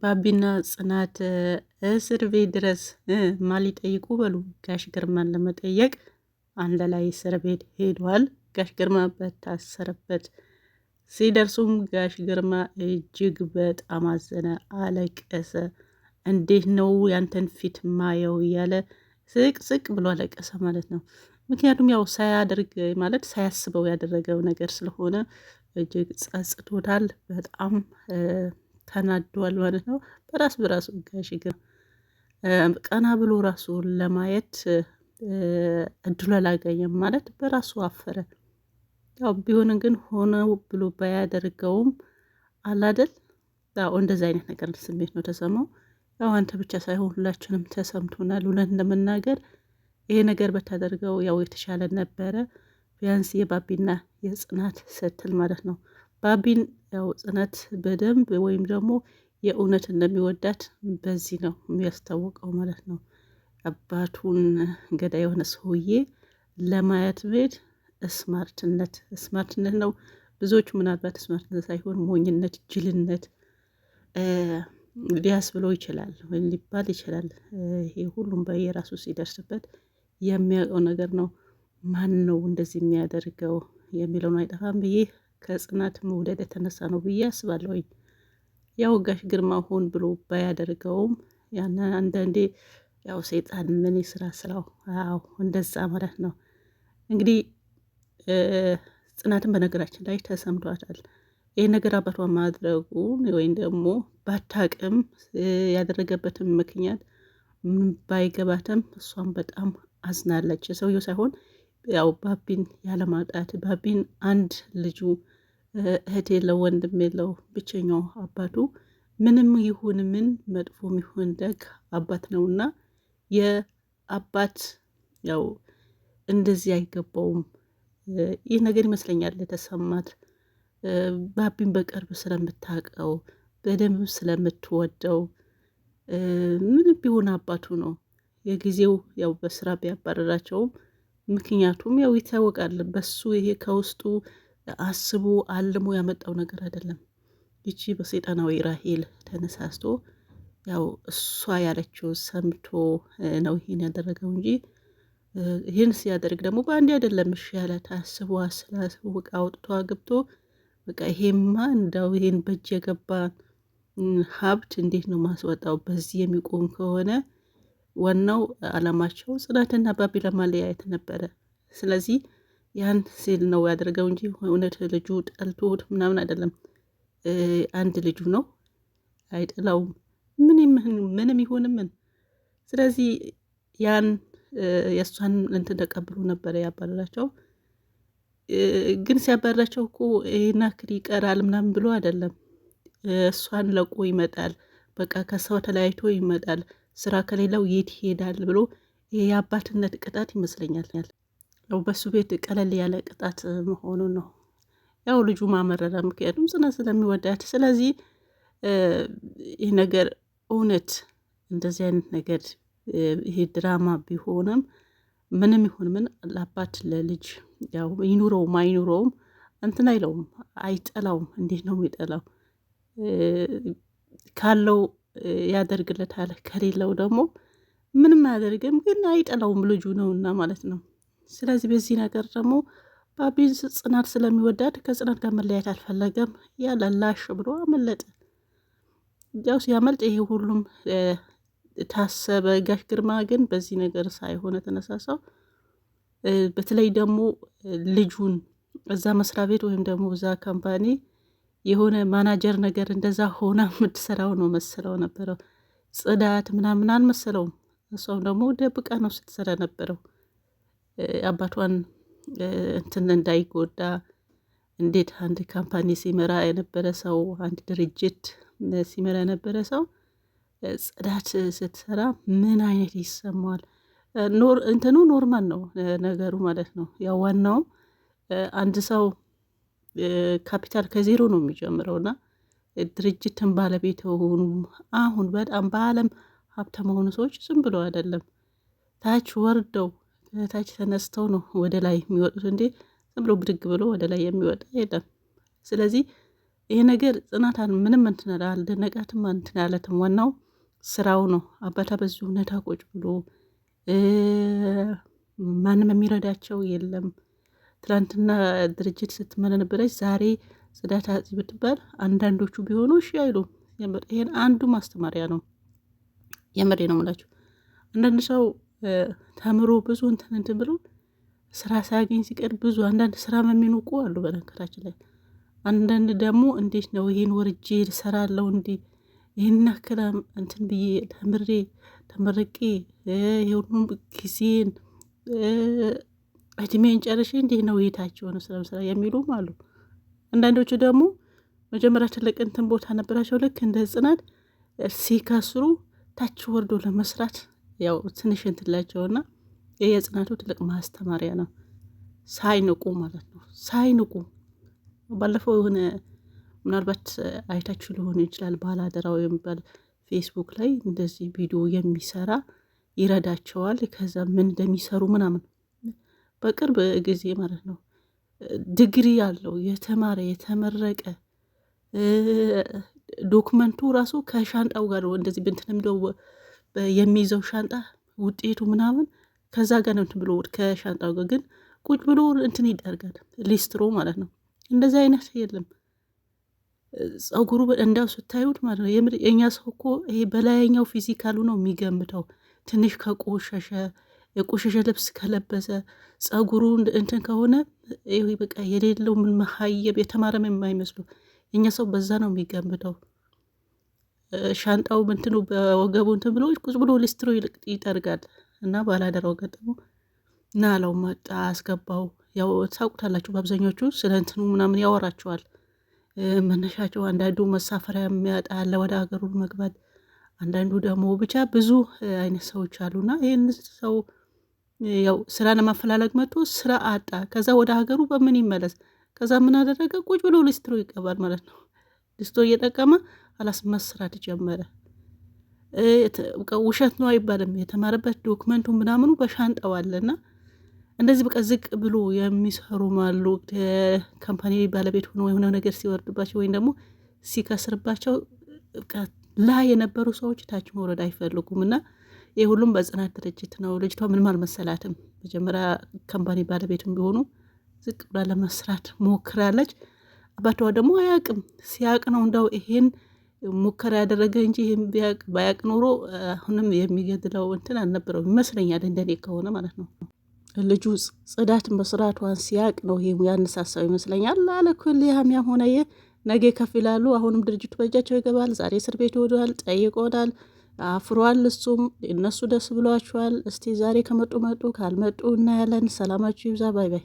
ባቢና ጽናት እስር ቤት ድረስ ማን ሊጠይቁ በሉ ጋሽ ግርማን ለመጠየቅ አንድ ላይ እስር ቤት ሄደዋል። ጋሽ ግርማ በታሰረበት ሲደርሱም ጋሽ ግርማ እጅግ በጣም አዘነ፣ አለቀሰ። እንዴት ነው ያንተን ፊት ማየው እያለ ስቅ ስቅ ብሎ አለቀሰ ማለት ነው። ምክንያቱም ያው ሳያደርግ ማለት ሳያስበው ያደረገው ነገር ስለሆነ እጅግ ጸጽቶታል በጣም ተናዷል ማለት ነው። በራስ በራሱ ጋሽ ግርማ ቀና ብሎ ራሱን ለማየት እድሉ አላገኘም ማለት በራሱ አፈረ። ያው ቢሆንም ግን ሆነ ብሎ ባያደርገውም አላደል ያው እንደዚህ አይነት ነገር ስሜት ነው ተሰማው። ያው አንተ ብቻ ሳይሆን ሁላችንም ተሰምቶናል። እውነት ለመናገር ይሄ ነገር በታደርገው ያው የተሻለ ነበረ ቢያንስ የባቢና የጽናት ስትል ማለት ነው። ባቢን ያው ጽነት በደንብ ወይም ደግሞ የእውነት እንደሚወዳት በዚህ ነው የሚያስታወቀው ማለት ነው። አባቱን ገዳይ የሆነ ሰውዬ ለማየት ቤት ስማርትነት ስማርትነት ነው። ብዙዎቹ ምናልባት ስማርትነት ሳይሆን ሞኝነት፣ ጅልነት ሊያስ ብሎ ይችላል ወይም ሊባል ይችላል። ይሄ ሁሉም በየራሱ ሲደርስበት የሚያውቀው ነገር ነው። ማን ነው እንደዚህ የሚያደርገው የሚለውን አይጠፋም ብዬ ከጽናት መውደድ የተነሳ ነው ብዬ አስባለሁኝ። ያው ጋሽ ግርማ ሆን ብሎ ባያደርገውም ያን አንዳንዴ ያው ሰይጣን ምን ስራ ስራው፣ አዎ እንደዛ ማለት ነው። እንግዲህ ጽናትን በነገራችን ላይ ተሰምቷታል። ይህ ነገር አባቷ ማድረጉ ወይም ደግሞ ባታቅም ያደረገበትን ምክንያት ባይገባትም እሷን በጣም አዝናለች። ሰውየው ሳይሆን ያው ባቢን ያለማጣት ባቢን አንድ ልጁ እህት የለው ወንድም የለው ብቸኛው አባቱ ምንም ይሁን ምን መጥፎም ይሁን ደግ አባት እና የአባት ያው እንደዚህ አይገባውም። ይህ ነገር ይመስለኛል የተሰማት ባቢን በቅርብ ስለምታውቀው በደንብ ስለምትወደው ምንም ቢሆን አባቱ ነው። የጊዜው ያው በስራ ቢያባረራቸውም ምክንያቱም ያው ይታወቃል በሱ ይሄ ከውስጡ አስቦ አልሞ ያመጣው ነገር አይደለም። ይቺ በሰይጣናዊ ራሄል ተነሳስቶ ያው እሷ ያለችው ሰምቶ ነው ይህን ያደረገው እንጂ ይህን ሲያደርግ ደግሞ በአንድ አይደለም። እሺ ያለ ታስቦ አስላስውቅ አውጥቶ አግብቶ በቃ ይሄማ እንዳው ይሄን በእጅ የገባ ሀብት እንዴት ነው ማስወጣው? በዚህ የሚቆም ከሆነ ዋናው አላማቸው ጽናትና ባቢ ለማለያየት ነበረ። ስለዚህ ያን ሲል ነው ያደረገው እንጂ እውነት ልጁ ጠልቶት ምናምን አይደለም። አንድ ልጁ ነው አይጠላውም። ምንም ይሁን ምን። ስለዚህ ያን የእሷን እንትን ተቀብሎ ነበረ ያባረራቸው። ግን ሲያባረራቸው እኮ ይሄን አክል ይቀራል ምናምን ብሎ አይደለም። እሷን ለቆ ይመጣል፣ በቃ ከሰው ተለያይቶ ይመጣል፣ ስራ ከሌለው የት ይሄዳል ብሎ የአባትነት ቅጣት ይመስለኛል። ያው በሱ ቤት ቀለል ያለ ቅጣት መሆኑን ነው ያው ልጁ ማመረረ። ምክንያቱም ጽና ስለሚወዳት ስለዚህ ይህ ነገር እውነት እንደዚህ አይነት ነገር ይሄ ድራማ ቢሆንም ምንም ይሁን ምን ለአባት ለልጅ ያው ይኑረውም አይኑረውም እንትን አይለውም አይጠላውም። እንዴት ነው የሚጠላው? ካለው ያደርግለታል፣ ከሌለው ደግሞ ምንም አያደርግም። ግን አይጠላውም ልጁ ነውና ማለት ነው። ስለዚህ በዚህ ነገር ደግሞ ባቢን ጽናት ስለሚወዳድ ከጽናት ጋር መለያየት አልፈለገም። ያለላሽ ብሎ አመለጠ። ያው ሲያመልጥ ይሄ ሁሉም ታሰበ። ጋሽ ግርማ ግን በዚህ ነገር ሳይሆነ ተነሳሳው። በተለይ ደግሞ ልጁን እዛ መስሪያ ቤት ወይም ደግሞ እዛ ካምፓኒ የሆነ ማናጀር ነገር እንደዛ ሆና የምትሰራው ነው መሰለው ነበረው ጽዳት ምናምን አልመሰለውም። እሷም ደግሞ ደብቃ ነው ስትሰራ ነበረው። አባቷን እንትን እንዳይጎዳ እንዴት አንድ ካምፓኒ ሲመራ የነበረ ሰው አንድ ድርጅት ሲመራ የነበረ ሰው ጽዳት ስትሰራ ምን አይነት ይሰማዋል? እንትኑ ኖርማል ነው ነገሩ ማለት ነው። ያው ዋናውም አንድ ሰው ካፒታል ከዜሮ ነው የሚጀምረው እና ድርጅትን ባለቤት የሆኑ አሁን በጣም በዓለም ሀብታም የሆኑ ሰዎች ዝም ብለው አይደለም ታች ወርደው ከታች ተነስተው ነው ወደ ላይ የሚወጡት እንዴ ዝም ብሎ ብድግ ብሎ ወደ ላይ የሚወጣ የለም። ስለዚህ ይሄ ነገር ጽናታን ምንም እንትን አልደነቃትም፣ እንትን ያለትም ዋናው ስራው ነው። አባታ በዚ ሁኔታ ቁጭ ብሎ ማንም የሚረዳቸው የለም። ትላንትና ድርጅት ስትመራ ነበረች፣ ዛሬ ጽዳት አጽጂ ብትባል አንዳንዶቹ ቢሆኑ እሺ አይሉ። ይሄን አንዱ ማስተማሪያ ነው። የምሬ ነው የምላችሁ አንዳንድ ሰው ተምሮ ብዙ እንትን እንትን ብሎ ስራ ሳያገኝ ሲቀር ብዙ አንዳንድ ስራ የሚንቁ አሉ። በነገራችን ላይ አንዳንድ ደግሞ እንዴት ነው ይህን ወርጄ ልሰራለው እንዲ ይህን ያክል እንትን ብዬ ተምሬ ተመረቄ የሁሉም ጊዜን እድሜን ጨርሼ እንዲህ ነው የታቸው የታቸውን ስለምስራ የሚሉም አሉ። አንዳንዶቹ ደግሞ መጀመሪያ ትልቅ እንትን ቦታ ነበራቸው ልክ እንደ ህጽናት ሲከስሩ ታች ወርዶ ለመስራት ያው ትንሽ እንትላቸውና ይህ የጽናቱ ትልቅ ማስተማሪያ ነው። ሳይንቁ ማለት ነው። ሳይንቁ ባለፈው የሆነ ምናልባት አይታችሁ ሊሆን ይችላል። ባላደራው የሚባል ፌስቡክ ላይ እንደዚህ ቪዲዮ የሚሰራ ይረዳቸዋል። ከዛ ምን እንደሚሰሩ ምናምን በቅርብ ጊዜ ማለት ነው። ድግሪ ያለው የተማረ የተመረቀ ዶክመንቱ ራሱ ከሻንጣው ጋር እንደዚህ ብንትንም የሚይዘው ሻንጣ ውጤቱ ምናምን ከዛ ጋር ነው እንትን ብሎ ከሻንጣው ጋር ግን ቁጭ ብሎ እንትን ይደርጋል። ሊስትሮ ማለት ነው። እንደዚ አይነት የለም። ጸጉሩ እንዳው ስታዩት ማለት ነው። የእኛ ሰው እኮ ይሄ በላይኛው ፊዚካሉ ነው የሚገምተው። ትንሽ ከቆሸሸ የቆሸሸ ልብስ ከለበሰ ጸጉሩ እንትን ከሆነ በቃ የሌለው ምን መሀየብ የተማረም የማይመስሉ እኛ ሰው በዛ ነው የሚገምተው። ሻንጣው ምንትኑ በወገቡ እንትን ብሎ ቁጭ ብሎ ሊስትሮ ይጠርጋል እና ባላደራው ገጠሙ እና አለው መጣ አስገባው። ያው ታውቁታላችሁ፣ በአብዛኞቹ ስለ እንትኑ ምናምን ያወራቸዋል መነሻቸው። አንዳንዱ መሳፈሪያ የሚያጣ ወደ ሀገሩ መግባት፣ አንዳንዱ ደግሞ ብቻ ብዙ አይነት ሰዎች አሉና ይህን ሰው ያው ስራ ለማፈላለግ መጥቶ ስራ አጣ። ከዛ ወደ ሀገሩ በምን ይመለስ? ከዛ ምን አደረገ? ቁጭ ብሎ ሊስትሮ ይቀባል ማለት ነው። ድስቶ እየጠቀመ አላስ መስራት ጀመረ። ውሸት ነው አይባልም። የተማረበት ዶክመንቱ ምናምኑ በሻንጣው አለና እንደዚህ በቃ ዝቅ ብሎ የሚሰሩ አሉ። ካምፓኒ ባለቤት ሆኖ የሆነ ነገር ሲወርድባቸው ወይም ደግሞ ሲከስርባቸው ላይ የነበሩ ሰዎች ታች መውረድ አይፈልጉም እና ይህ ሁሉም በጽናት ድርጅት ነው። ልጅቷ ምንም አልመሰላትም። መጀመሪያ ካምፓኒ ባለቤትም ቢሆኑ ዝቅ ብላ ለመስራት ሞክራለች። አባቷ ደግሞ አያቅም። ሲያቅ ነው እንደው ይሄን ሙከራ ያደረገ እንጂ ይህም ባያውቅ ኖሮ አሁንም የሚገድለው እንትን አልነበረው ይመስለኛል፣ እንደኔ ከሆነ ማለት ነው። ልጁ ጽዳት መስራቷን ሲያቅ ነው ይሄ ያነሳሳው ይመስለኛል። አለኩል ያም ሆነ ይህ ነገ ከፍ ይላሉ። አሁንም ድርጅቱ በእጃቸው ይገባል። ዛሬ እስር ቤት ወደዋል፣ ጠይቆናል፣ አፍሯል። እሱም እነሱ ደስ ብሏቸዋል። እስቲ ዛሬ ከመጡ መጡ፣ ካልመጡ እናያለን። ሰላማችሁ ይብዛ። ባይ ባይ።